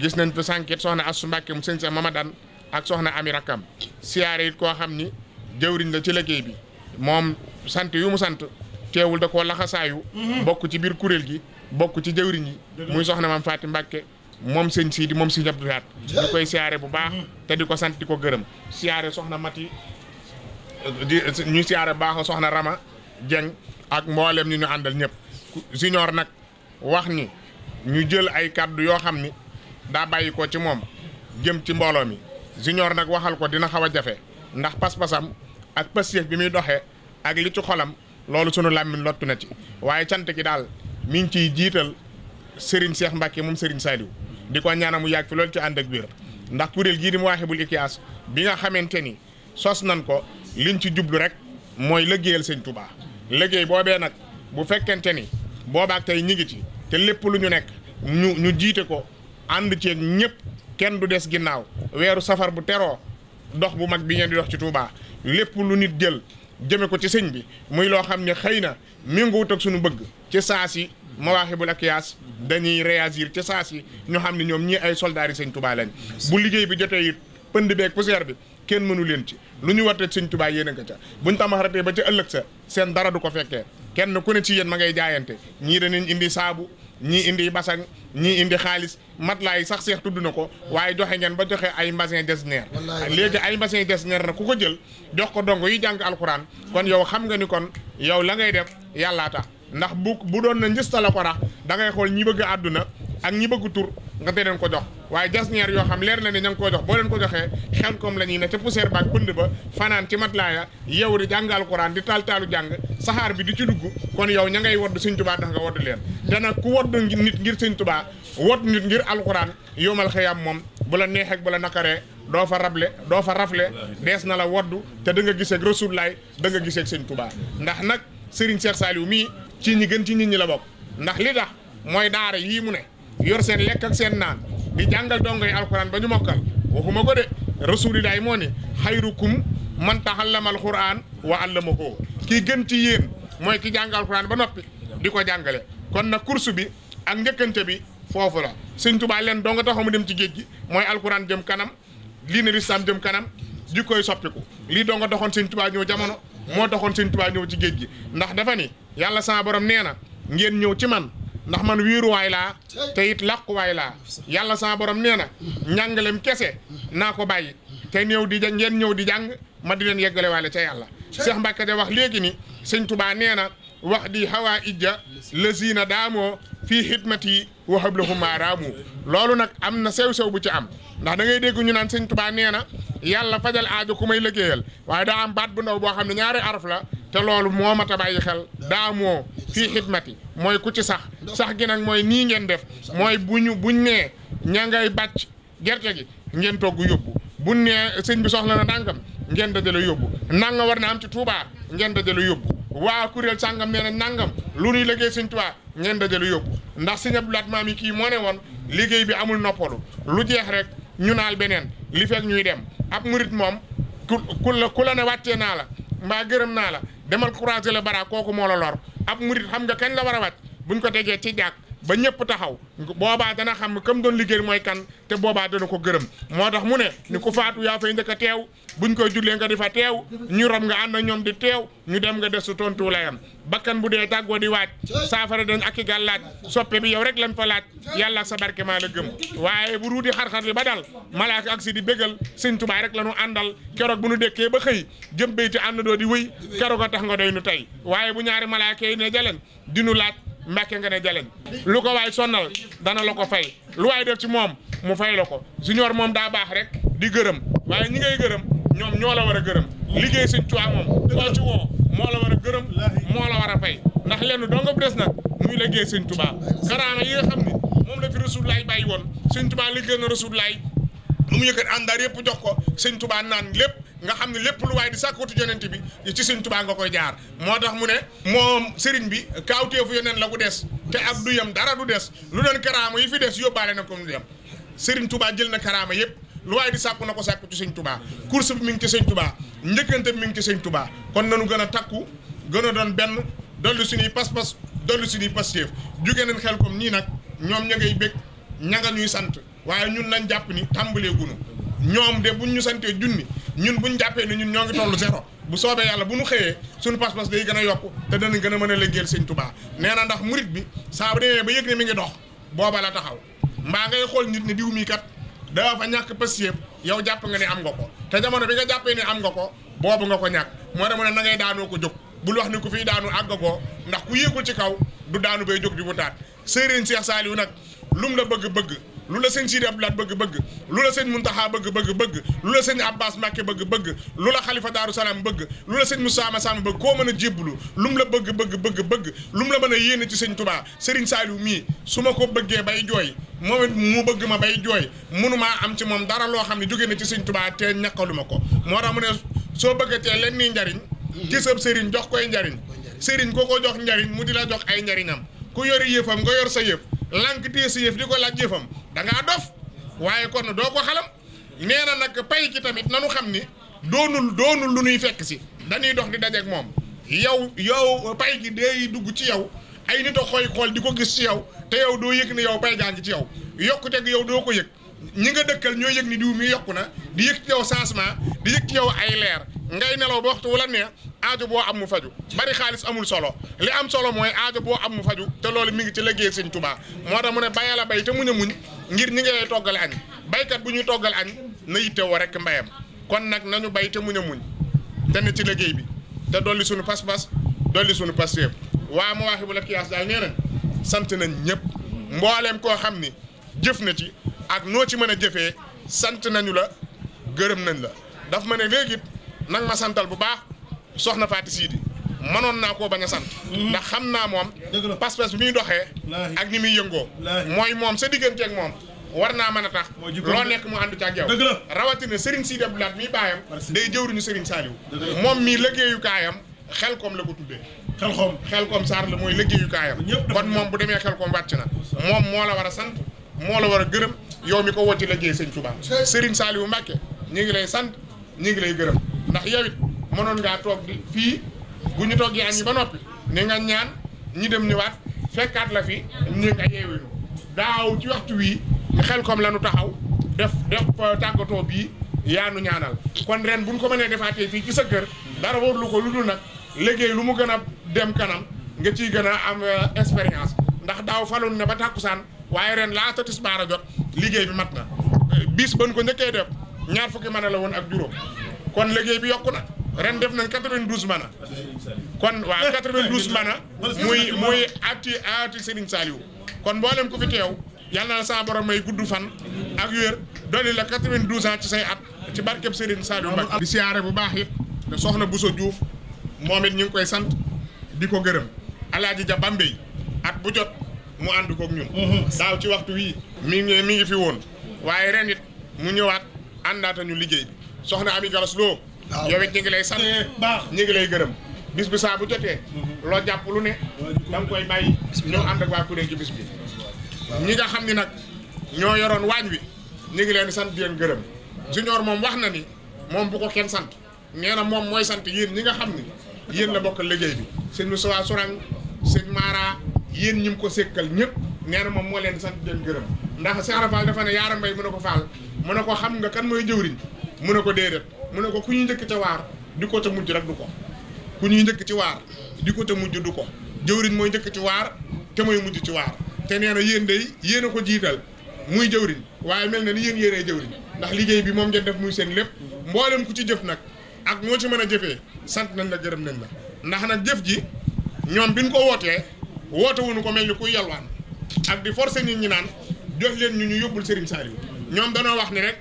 gis nañ fa sànket soxna Assou Mbacke mu Serigne Cheikh Mamadan ak soxna Ami Rakam siyaare it koo xam ni jëwriñ la ci liggéey bi moom sant yu mu sant. teewul da koo laxasaayu mhm. bokk ci biir kuréel gi bokk ci jëwriñ yi muy soxna maam Faati Mbàkke moom sëñ di moom si Abdou Lahat di koy siyaare bu baax mhm. te di ko sant di ko gërëm siyaare soxna Mati di ñu siyaare baax soxna Rama Dieng ak mboolem ñu ñu àndal ñëpp junior nag wax ni ñu jël ay kàddu yoo xam ni daa bàyyi ko ci moom jëm ci mbooloo mi junior nag waxal ko dina xaw a jafe ndax pas-pasam ak pas-yëf bi muy doxee ak li xolam loolu sunu làmmiñ lottu na ci waaye cant gi daal mi ngi ciy jiital Serigne Cheikh Mbacke moom Serigne Saliou di ko ñaanal mu yàgg fi loolu ci ànd ak biir ndax kuréel gii di mu waaxe bul ikiyaas bi nga xamante ni sos nan ko liñ ci jublu rek mooy liggéeyal sëñ Touba boo boobee nag bu fekkente ni boobaak tey ñi ngi ci te lépp lu ñu nekk ñu ñu jiite ko ànd ceeg ñëpp kenn du des ginnaaw weeru safar bu teroo dox bu mag bi ngeen di dox ci Touba lépp lu nit jël jëme ko ci sëñ bi muy loo xam ne xëy na mi ngi ak suñu bëgg ci ma si Mawahibou Akyas dañuy réagir ci saa si ñu xam ne ñoom ñii ay soldaari sëñ Tuubaa lañ bu liggéey bi jotee it pënd beeg poussière bi kenn mënu leen ci lu ñu wartee sëñ tubaay yéen a nga ca buñ tamaxaratee ba ca ëllëg sa seen dara du ko fekkee kenn ku ne ci yéen ma ngay jaayante ñii danañ indi saabu ñii indi basan ñii indi xaalis matelas yi sax seex tudd na ko waaye joxe ngeen ba joxe ay mbasin desner léegi ay mbasin desner na ku ko jël jox ko dong yi jàng alxuraan kon yow xam nga ni kon yow la ngay def yàllaa tax ndax bu bu doon na njësta la ko rax da ngay xool ñi bëgg àdduna ak ñi bëgg tur nga dee leen ko jox waaye jasneer yoo xam leer na ne ña ngi ko jox boo leen ko joxee xel comme la ñuy ne ca poussière baak pënd ba fanaan ci matlaaya yow di jàng alxuraan di taal taalu jàng saxaar bi di ci dugg kon yow ña ngay wodd sëñ tubaa tax nga wodd leen te nag ku wodd nit ngir sëñ tubaa wodd nit ngir alxuraan yowmal xëyam moom bu la neexee bu la nakaree doo fa rable doo fa rafle dees na la wodd te da nga giseeg rasulaay da nga giseeg sëñ tubaa ndax nag sëriñ Cheikh Saliou mii ci ñi gën ci nit ñi la bokk ndax li tax mooy daara yii mu ne yor seen lekk ak seen naan di jàngal dongo yi alquran ba ñu mokkal waxuma ko de rasulillahi moo ne xayrukum man taxallama alquran wa allamahu kii gën ci yéen mooy ki jàng alquran ba noppi di ko jàngale kon nag course bi ak njëkkante bi foofu la sëñ tubaa leen donga taxaw mu dem ci géej gi mooy alquran jëm kanam lii ne lislaam jëm kanam di koy soppiku lii donga doxoon sëñ tubaa ñëw jamono moo doxoon sëñ tubaa ñëw ci géej gi ndax dafa ni yàlla sama nee na ngeen ñëw ci man ndax man wiiruwaay laa te it làquwaay laa yàlla sama borom nee na njàngalem kese naa ko bàyyi te ñëw di ja ngeen ñëw di jàng ma di leen yeggale waale ca yàlla Cheikh Mbacke de wax léegi ni sëñ Touba nee na wax di hawa ijja lësiina daamoo fii xidmati wa waxab la fu maaraamu loolu nag am na sew-sew bu ci am ndax da ngay dégg ñu naan sëñ Tuubaa nee na yàlla fajal aajo ku may liggéeyal waaye daa am baat bu ndaw boo xam ne ñaari araf la te loolu moo mat a bàyyi xel daa moo fii xidmati mooy ku ci sax sax gi nag mooy nii ngeen def mooy bu ñu buñ nee ña ngay bàcc gerte gi ngeen togg yóbbu buñ nee sëñ bi soxla na ndànkam ngeen dajale yóbbu nanga war na am ci Tuubaa ngeen dajale yóbbu waa kuréel sàngam nee na nangam lu nuy liggéey Sëñ Tuubaa ngeen dajale yóbbu ndax si Abdou Lahad maam yi kii moo ne woon liggéey bi amul noppalu lu jeex rek ñu naal beneen li fekk ñuy dem ab murit moom ku ku la ku la ne wàccee naa la mbaa gërëm naa la demal croiser le bara kooku moo la lor ab murit xam nga kañ la war a wàcc buñ ko tegee ci jàkk ba ñëpp taxaw boobaa dana xam kam doon liggéey mooy kan te boobaa dana ko gërëm moo tax mu ne ni ku faatu yaa fay njëkk a teew buñ koy jullee nga di fa teew ñu rob nga ànd na ñoom di teew ñu dem nga des su tontu layam bakkan bu dee tàggoo di waaj saafara dañ ak i gàllaaj soppe bi yow rek lañ fa laaj yàlla sa barke maa la gëm waaye bu ruuti xar-xar li ba dal malaaka ak si di bégal sëñ Tuubaa rek la ñu àndal keroog bu nu dekkee ba xëy jëm béy ci ànd doo di wëy keroog a tax nga doy nu tey waaye bu ñaari malaaka yi ne jaleen di laaj Mbàkke nga ne lu ko waay sonnal dana la ko fay lu waay def ci moom mu fay la ko junior moom daa baax rek di gërëm waaye ñi ngay gërëm ñoom ñoo la war a gërëm liggéey suñ cuwaa moom koo ci woo moo la war gërëm moo la war a fay ndax lenn donga bu des nag muy liggéey suñ tubaa karaama yi nga xam ne moom la fi Rasulullaay bàyyi woon suñ tubaa liggéey na Rasulullaay lu mu yëkkat àndaar yëpp jox ko suñ tubaa naan lépp nga xam ne lépp lu waaye di sàkkutu yonent bi ci sëñ Tuubaa nga koy jaar moo tax mu ne moom sëriñ bi kaawteefu yonent la ku des te ab du yem dara du des lu doon karaama yi fi des yóbbaale na ko du yem sëriñ tubaa jël na karaama yëpp lu waay di sàkku na ko sàkku ci sëñ tubaa course bi mi ngi ci sëñ Tuubaa njëkkante bi mi ngi ci sëñ Tuubaa kon nanu gën a takku gën a doon benn dolli suñuy pas-pas dolli suñuy pastéef jóge nañ xel comme nii nag ñoom ña ngay bég ña nga sant waaye ñun nañ jàpp ni tàmbalee ñoom de bu ñu santee junni ñun buñ jàppee ne ñun ñoo ngi toll zéro bu soobee yàlla bu ñu xëyee suñu pas-pas day gën a yokk te danañ gën a mën a liggéeyal sëñ Tuubaa nee na ndax murit bi saa bu demee ba yëg ne mi dox booba la taxaw mbaa ngay xool nit ne diw mii kat dafa ñàkk pasiyeb yow jàpp nga ne am nga ko te jamono bi jàppee ne am nga ko boobu nga ko ñàkk moo tax mu ne na ngay daanoo ko jóg bul wax ne ku fiy daanu ko ndax ku yéegul ci kaw du daanu bay jóg di wutaat sëriñ Cheikh Saliou nag lum la bëgg-bëgg lu la sëñ Sidi Abdoulaye bëgg bëgg lu la sëñ Muntaxa bëgg bëgg bëgg lu la sëñ Abbas Mbàkke bëgg bëgg lu la xalifa Daaru Salaam bëgg lu la sëñ Moussa Massamba bëgg koo mën a jébblu lu mu la bëgg bëgg bëgg bëgg lu mu la mën a yéene ci tubaa Touba saa Saliou mii su ma ko bëggee bay jooy moom it mu bëgg ma bay jooy mënumaa am ci moom dara loo xam ne jóge na ci sëñ Touba te ñàkkalu ko moo tax mu ne soo te leen ni njariñ gisab Serigne jox koy njariñ Serigne koo ko jox njariñ mu di la jox ay njariñam ku yori yëfam nga yor sa yëf lank téye si yëf di ko laaj jëfam da ngaa dof waaye kon doo ko xalam nee na nag pay ci tamit nanu xam ni doonul doonul lu nuy fekk si danuy dox di dajeeg moom yow yow pay gi day dugg ci yow ay nit a xooy xool di ko gis ci yow te yow doo yëg ne yow pay gaa ngi ci yow yokkute gi yow doo ko yëg ñi nga dëkkal ñoo yëg ni diw mi yokku na di yëg ci yow changement di yëg ci yow ay leer ngay nelaw ba waxtu wala ne aajo boo am mu faju bari xaalis amul solo li am solo mooy aajo boo am mu faju te loolu mi ngi ci liggéey Sëñ Tuubaa moo tax mu ne bayal a bay te muñ a muñ ngir ñi ngay toggale añ baykat bu ñuy toggal añ na yittewoo rek mbayam kon nag nañu bay te muñ muñ te ne ci liggéey bi te dolli suñu pas-pas dolli suñu pasteef waa Mawaahibu Lakyaas daal nee nañ sant nañ ñëpp mbooleem koo xam ni jëf na ci ak noo ci mën a jëfee sant nañu la gërëm nañ la daf ma ne léegi nag ma santal bu baax soxna Fatou Sidi mënoon naa koo bañ a sant. Mm-hmm. ndax xam naa moom. pas-pas bi muy doxee. ak ni muy yëngoo. mooy moom sa diggante moom. war naa mën a tax loo nekk mu ànd caag yow rawatina Serigne Sidi Abdoulaye mii baayam day jëwriñu Serigne Saliou moom mii liggéeyukaayam koom la ko tuddee xelkom koom Sarr la mooy liggéeyukaayam kon moom bu demee xelkom wàcc na moom moo la war a sant moo la war a gërëm yow mi ko woo ci liggéey sëñ Touba Serigne Saliou Mbacké ñu ngi lay sant ñu lay gërëm ndax yow it mënoon ngaa toog di fii bu ñu toog añ yi ba noppi ni nga ñaan ñi dem ñëwaat fekkaat la fi ñu nga yeewinu daaw ci waxtu wii xel kom la nu taxaw def def euh, tàggatoo bii yaanu ñaanal kon ren bu ñu ko mënee defaatee fii ci sa kër dara warlu ko lu dul nag liggéey lu mu gën a dem kanam nga ciy gën a am euh, expérience ndax daaw faloon na ba tàkkusaan waaye ren laata tisbaar a jot liggéey bi mat na bis ban ko njëkkee def ñaar fukki mën la woon ak juróom kon liggéey bi yokku na ren def nañ 92 mana kon waa waaw 92 mana muy muy ati ati Serigne Saliou kon mboolem ku fi teew yàlla na sa borom may gudd fan ak wér dolli la 92 ans ci say at ci barkeb Serigne Saliou Mbacké di siyaare bu baax it te soxna Bousso juuf moom it ñu ngi koy sant di ko gërëm alaaji ja at bu jot mu ànd kook ñun. Mhm. daaw ci waxtu wii. mi ngi mi ngi fi woon. waaye ren it mu ñëwaat àndaata ñu liggéey bi soxna Ami Galas Lo. waaw yow it ñu ngi lay sant. Eh, gërëm. bis bi saa bu jotee. Mhm. loo ne. da nga koy bàyyi ñëw ànd bi. ñi nga xam ni nag ñoo yoroon waañ wi ñu ngi sant di gërëm. junior moom wax na ni moom bu kenn sant nee na moom mooy sant yéen ñi nga xam ni yéen la bokk liggéey bi sëñ Moussa Sourang sëñ Mara. yéen ñu ko sékkal ñëpp nee moom moo leen sant leen gërëm ndax Cheikh Fall dafa ne yaara mbay mu a ko faal mu ne ko xam nga kan mooy jëwriñ mu ne ko déedéet mu ne ko ku ñuy njëkk ca waar di ko te mujj rek du ko ku ñuy njëkk ci waar di ko mujj du ko jëwriñ mooy njëkk ci waar te mooy mujj ci waar te nee yéen day yéen ko jiital muy jëwriñ waaye mel na ni yéen yéenee jëwriñ ndax liggéey bi moom ngeen def muy seen lépp mboolem ku ci jëf nag ak moo ci mën a jëfee sant nañ la gërëm nañ la ndax nag jëf ji ñoom biñ ko wootee woote wuñu ko mel ni kuy yalwaan ak di forcer nit ñi naan jox leen ñu ñu yóbbul Serigne Saliou ñoom danoo wax ni rek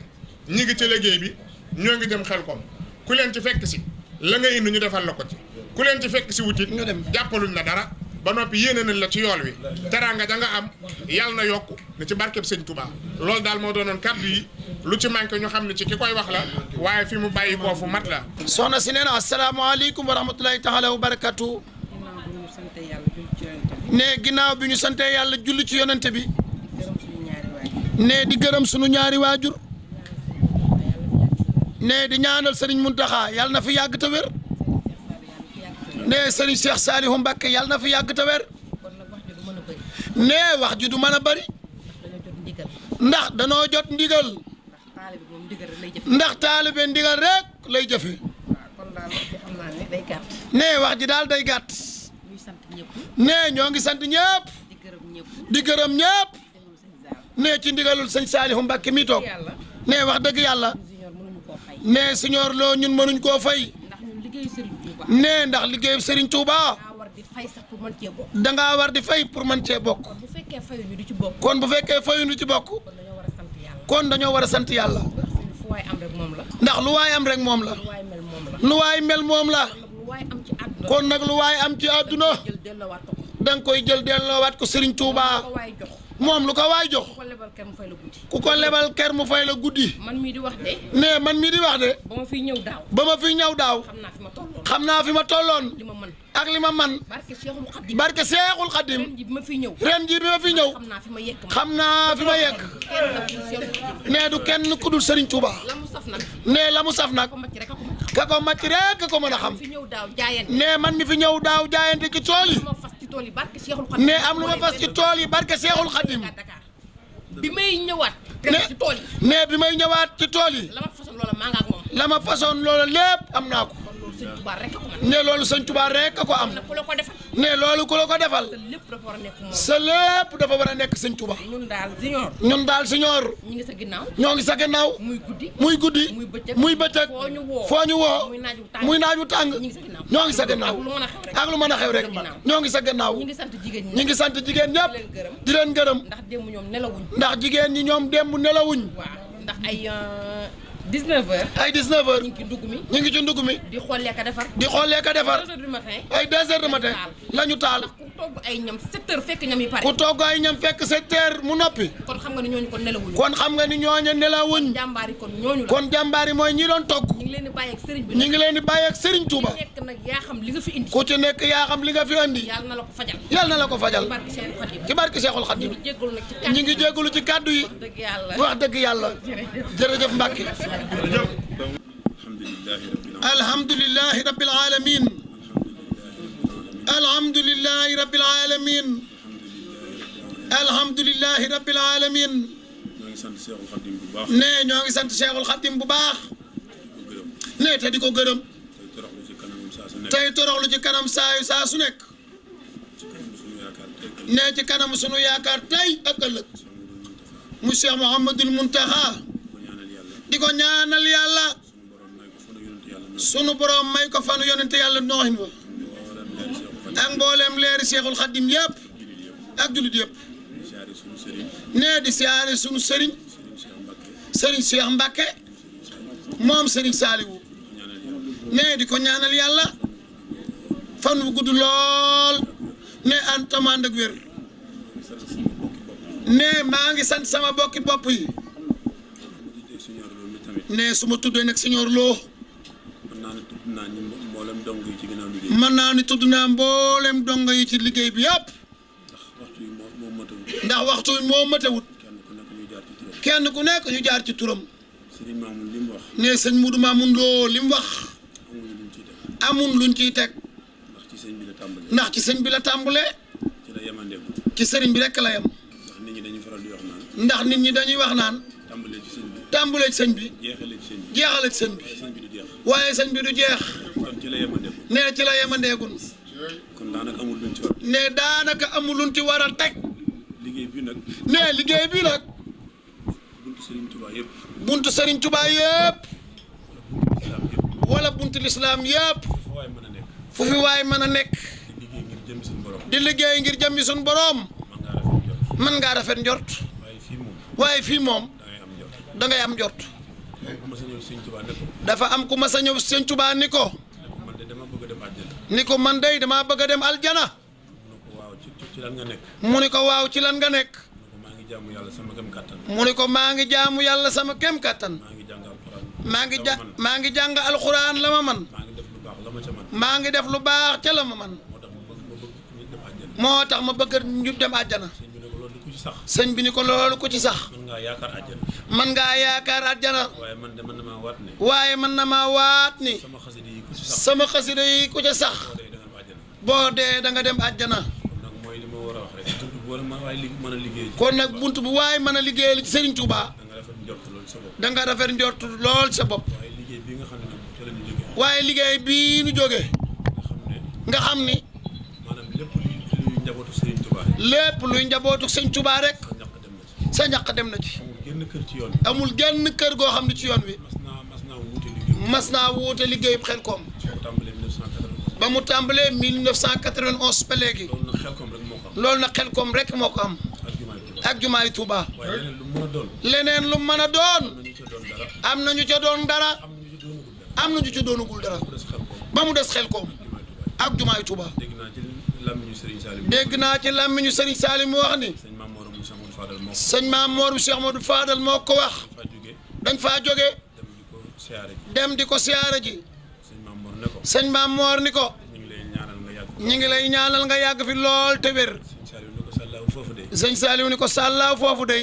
ñi ngi ci liggéey bi ñoo ngi dem xel kom ku leen ci fekk si la nga indi ñu defal la ko ci ku leen ci fekk si wutit nga dem jàppaluñ la dara ba noppi yéene nañ la ci yool wi teraanga ja nga am yàlla na yokk na ci barkeb sëñ Touba loolu daal moo doonoon kàddu yi lu ci manqué ñu xam ne ci ki koy wax la waaye fi mu bàyyi koo fu mat la soxna si nee na asalaamaaleykum wa rahmatulahi taala wa barakatu ne ginnaaw bi ñu santee yàlla julli ci yonante bi ne di gërëm sunu ñaari waajur ne di ñaanal sëriñ Muntaxa yàlla na fi yàgg te wér ne sëriñ Cheikh Saliou Mbacké yàlla na fi yàgg te wér ne wax ji du mën a bari ndax dañoo jot ndigal ndax taalibe ndigal rek lay jëfe ne wax ji daal day gàtt nee ñoo ngi sant ñëpp. di gërëm ñëpp. di gërëm ñëpp. nee ci ndigalul sëñ Saalihu Mbàkke mi toog. nee wax dëgg yàlla. nee siñoor loo ñun mënuñ koo fay. nee ndax liggéeyu seriñ Touba. da ngaa war di fay pour mën cee bokk. kon bu fekkee fayuñu du ci bokk. kon bu fekkee fayuñu ci bokk. kon dañoo war a sant yàlla. ndax lu waay am rek moom la. ndax moom la. lu waay mel moom la. kon nag lu waaye am ci àdduna da nga koy jël delloowaat ko Serigne Touba. moom lu ko waay jox. ku ko lebal ker mu fay la guddi. ku man mii di wax de. man mii di wax de. ba ma fiy ñëw daaw. ba ma fiy daaw. xam naa fi ma tolloon. xam naa fi ma tolloon. li ma mën ak li ma mën. barke Seexul Xadim. barke Seexul Xadim. ren jii bi ma fiy ñëw. ren jii bi ma xam naa fi ma yegg. xam naa fi ma yegg. nee du kenn ku dul Serigne Touba. la mu saf nag. nee la mu saf nag. ka ko màcc rek ka ko mën a xam. nee man mi fi ñëw daaw jaayante ci tool tool yi barke Cheikhul Khadim ne am lu ma fas ci tool yi barke Cheikhul Khadim bi may ñëwaat. ci tool yi bi may ñëwaat ci tool yi. la ma fasoon loola maa la ma fasoon loola lépp am naa ko. ne loolu sëñ Tuubaa rek ko am ne loolu ku la ko defal sa lépp dafa war a nekk sëñ Tuubaa ñun daal siñoor ñoo ngi sa ginnaaw muy guddi muy bëccëg foo ñu woo muy naaj wu tàng ñoo ngi sa ginnaaw ak lu mën a xew rek ñoo ngi sa ginnaaw ñi ngi sant jigéen ñëpp di leen gërëm ndax jigéen ñi ñoom démb nelawuñ ndax ay euh, 19h. ay 19h. ñu ngi ci ndugg mi di xollee ka defar. di xollee ay 2h du taal ku togg ay ñam fekk ñam yi pare. ku togg mu noppi. kon xam nga ni ñooñu kon nelawuñu. kon xam nga ni ñooñu nelawuñu. jàmbaar yi kon kon jàmbaar mooy ñi doon togg. ñu ngi leen di bàyyi ak Serigne bi. ñu ngi leen di bàyyi ak ku ci nekk yaa xam li nga fi indi. ku ci nekk yaa xam li nga fi indi. yàlla na la ko fajal. yàlla ci barke Cheikhul Khadim. ñu ngi jégalu ci kàddu yi. wax dëgg yàlla jërëjëf Mbàkke alhamdulilahi rabbil alamin alhamdulilahi rabbil alamin alhamdulilahi rabbil alamin ne ñoo ngi sant Cheikhul Khadim bu baax ne te di ko gërëm tey toroxlu ci kanam saayu saa su nekk ne ci kanam sunu yaakaar tey ak ëllëg mu Cheikh Mouhamadul Muntaha di ko ñaanal yàlla sunu borom may ko fanu yonente yàlla nooxin wa ak mbooleem leeri seexul xaddim yëpp ak julit yëpp nee di siyaare sunu sëriñ sëriñ Seex Mbàkke moom sëriñ Saaliwu nee di ko ñaanal yàlla fan wu gudd lool ne an tamand ak nee maa ngi sant sama bokki bopp yi ne su ma tuddee nag señor loo mën naa ne tudd naa ñu mboolem dong yi ci liggéey bi. mën naa ne tudd naa mboolem dong yi ci liggéey bi yëpp. ndax waxtu yi moo moo matewut. ndax waxtu kenn ku nekk ñu jaar ci turam. kenn ku nekk ñu jaar ci turam. sëriñ Mamoun mu wax. ne sëñ Moudou Mamoun Lo wax. amuñ luñ ciy teg. ndax ci sëñ bi la tàmbalee. ndax ci sëñ bi la tàmbalee. ci la yemandeeku. ci sëriñ bi rek la yem. ndax nit ñi dañuy faral di wax naan. ndax nit ñi dañuy wax naan. tàmbalee tàmbule ci bi jeexale ci sëñ bi waaye sëñ bi du jeex ne ci la yemandeegun ne daanaka amul luñ ci war a teg ne liggéey bi nag buntu Serigne Touba yëpp wala buntu lislaam yëpp fu fi waaye mën a nekk di liggéey ngir jëmmi suñ boroom mën ngaa rafet njort waaye fii moom da ngay am njort. dafa am ku ma a ñëw sëñ Tuubaa ni ko. ni ko man dey damaa bëgg a dem aljana. mu ni ko waaw ci lan nga nekk. mu ni ko maa ngi jaamu yàlla sama kem kattan. maa ngi ja maa ngi jàng alxuraan la ma man maa ngi def lu baax ca la ma man moo tax ma bëgg ñu dem àjjana sëñ bi ni ko loolu ko ci sax mën ngaa yaakaar àjjana man ngaa yaakaar àjjana. waaye man de man na ma waat ne. waaye man na maa waat ni. sama xasida yi ku ci sax sama xasida yi ku ci sax. boo dee da nga dem àjjana. kon nag buntu bu waaye mën a liggéeyal ci Serigne Touba. da nga rafet njort lool sa bopp. waaye liggéey bii nga xam ne waaye liggéey bii nu jógee. nga xam ni. maanaam lépp luy njabootu Serigne Touba. lépp njabootu Serigne Touba rek. sa ñaq dem na ci. genn kër ci yoon amul genn kër goo xam ne ci yoon wi. mas naa wuute liggéeyub xel koom. ba mu tàmbalee 1991 ba léegi. loolu nag xel koom rek moo ko am. ak jumaay Touba. leneen lu mën a doon. am na ñu ca doon dara. am na ñu ca doonagul dara. ba mu des xel koom. ak jumaay Touba. dégg naa ci làmmiñu Serigne Salim. dégg naa ci làmmiñu Serigne Salim mu wax ni. Fadal moo sëñ maam Mooru Cheikh Modou Fadal moo ko wax. dañ faa jógee. dem di ko siyaare ji. dem di ko siyaare ji. sëñ maam Moor ne ko. sëñ maam Moor ni ko. ñu ngi lay ñaanal nga yàgg. ñu ngi lay ñaanal nga yàgg fi lool te wér. sëñ Saliou ni ko sàllaaw foofu de.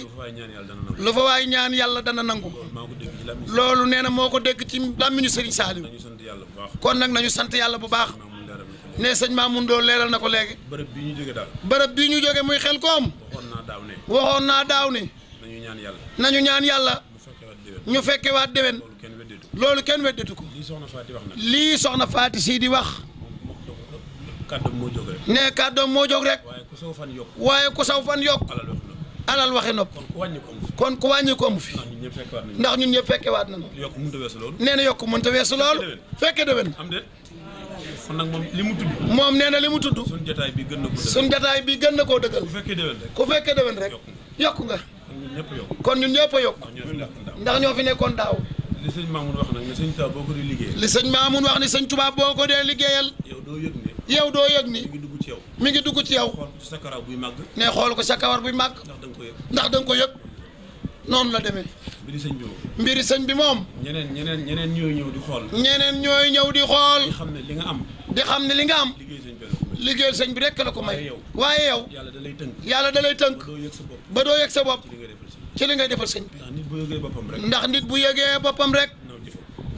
lu fa waay ñaan yàlla dana nangu. loolu nee na moo ko dégg ci làmmiñu sëriñ Saliou. kon nag nañu sant yàlla bu baax. ne sëñ Mamoune Lo leeral na ko léegi. bërëb bii ñu jóge daal. bërëb bi ñu jóge muy xel koom. waxoon naa daaw ne. waxoon naa daaw ne. nañu ñaan yàlla. nañu ñaan yàlla. ñu fekke waat déwén. loolu kenn wedditu ko. lii soxna Faati wax nag. lii soxna Faati sii di wax. kàddoom moo jóg rek. ne kàddoom moo jóg rek. waaye ku saw fan yokk. waaye ku saw fan yokk. alal waxe nopp. kon ku wàññi ko amu fi. ndax ñun ñëpp fekkewaat nañu. nee na yokk mënta weesu loolu. fekke déwén. kon nag moom li mu tudd. moom nee na li mu tudd. sunu jotaay bi gën na koo dëggal bi gën na koo dëggal. ku fekkee déwén rek fekkee déwén rek yokk nga. kon ñun ñëpp a yokk. ndax ñoo fi nekkoon daaw. li sëñ Mamoun wax ko dee liggéeyal. li sëñ Mamoun wax ne sëñ Tuubaa boo ko dee liggéeyal. yow doo yëg ni. yow doo yëg ni. mi ngi dugg ci yow. mi ngi dugg ci yow. xool ko sa kawar buy màgg. ne xool ko sa kawar buy màgg. ndax da ko yëg. noonu la demee. mbiri sëñ bi mbiri sëñ bi moom. ñeneen ñeneen ñeneen ñooy ñëw di xool. ñeneen ñooy ñëw di xool. di xam ne li nga am. di xam ne li nga am. liggéey sëñ bi rek la ko may. waaye yow. yàlla da lay tënk. yàlla da lay tënk. ba doo yëg sa bopp. ci li ngay defal sëñ bi. ndax nit bu yëgee boppam rek. ndax nit bu yëgee boppam rek.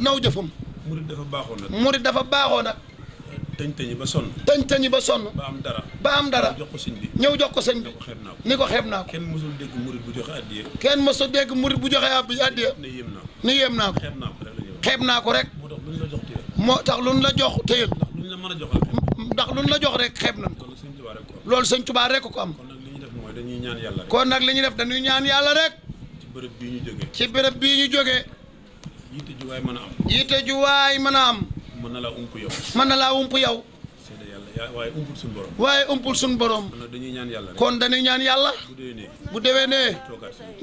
naw jëfam. mu dafa baaxoo nag. murit dafa baaxoo nag. tëñ-tëñi ba sonn tëñ-tëñi ba sonn ba am dara ba am dara jox ko sëñ bi ñëw jox ko sëñ bi xeeb naa ko ni ko xeeb naa ko kenn mësul dégg murit bu joxe addiya kenn mësul dégg murit bu joxe ab addiya ni yéem naa ko ni yéem naa ko xeeb naa ko rek moo tax luñ la jox téyel ndax luñ la jox rek xeeb nañ ko loolu sëñ Tuubaa rek ko am kon nag li ñuy def dañuy ñaan yàlla rek ci bërëb bii ñu jógee ci bërëb bii ñu jógee yitte ju waay mën a am yitte ju waay mën a am mën na laa ump yow. mën na laa ump yow. waaye umpul suñu borom. waaye umpul suñu borom. kon dañuy ñaan yàlla bu déwénee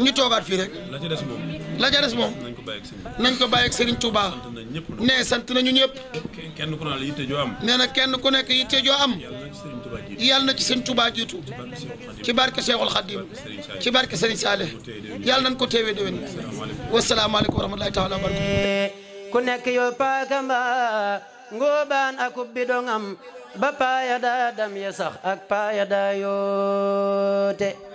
ñu toogaat fii rek. la ca des moom. la ca des moom. nañ ko bàyyi ak Serigne. nañ ko bàyyi ak Serigne Touba. nee sant nañu ñëpp. ne yitte nee na kenn ku nekk yitte joo am. yàlla na ci Serigne Touba jiitu. ci barke Cheikhul Khadim. ci barke Serigne Saleh. yàlla nañ ko teewee déwén. wasalaamaaleykum wa rahmatulahi taala wa barakatuh. ku nekk yor paaka mbaa ngóobaan akub bidongam ba paaya daa dam ya ak paaya daa yoote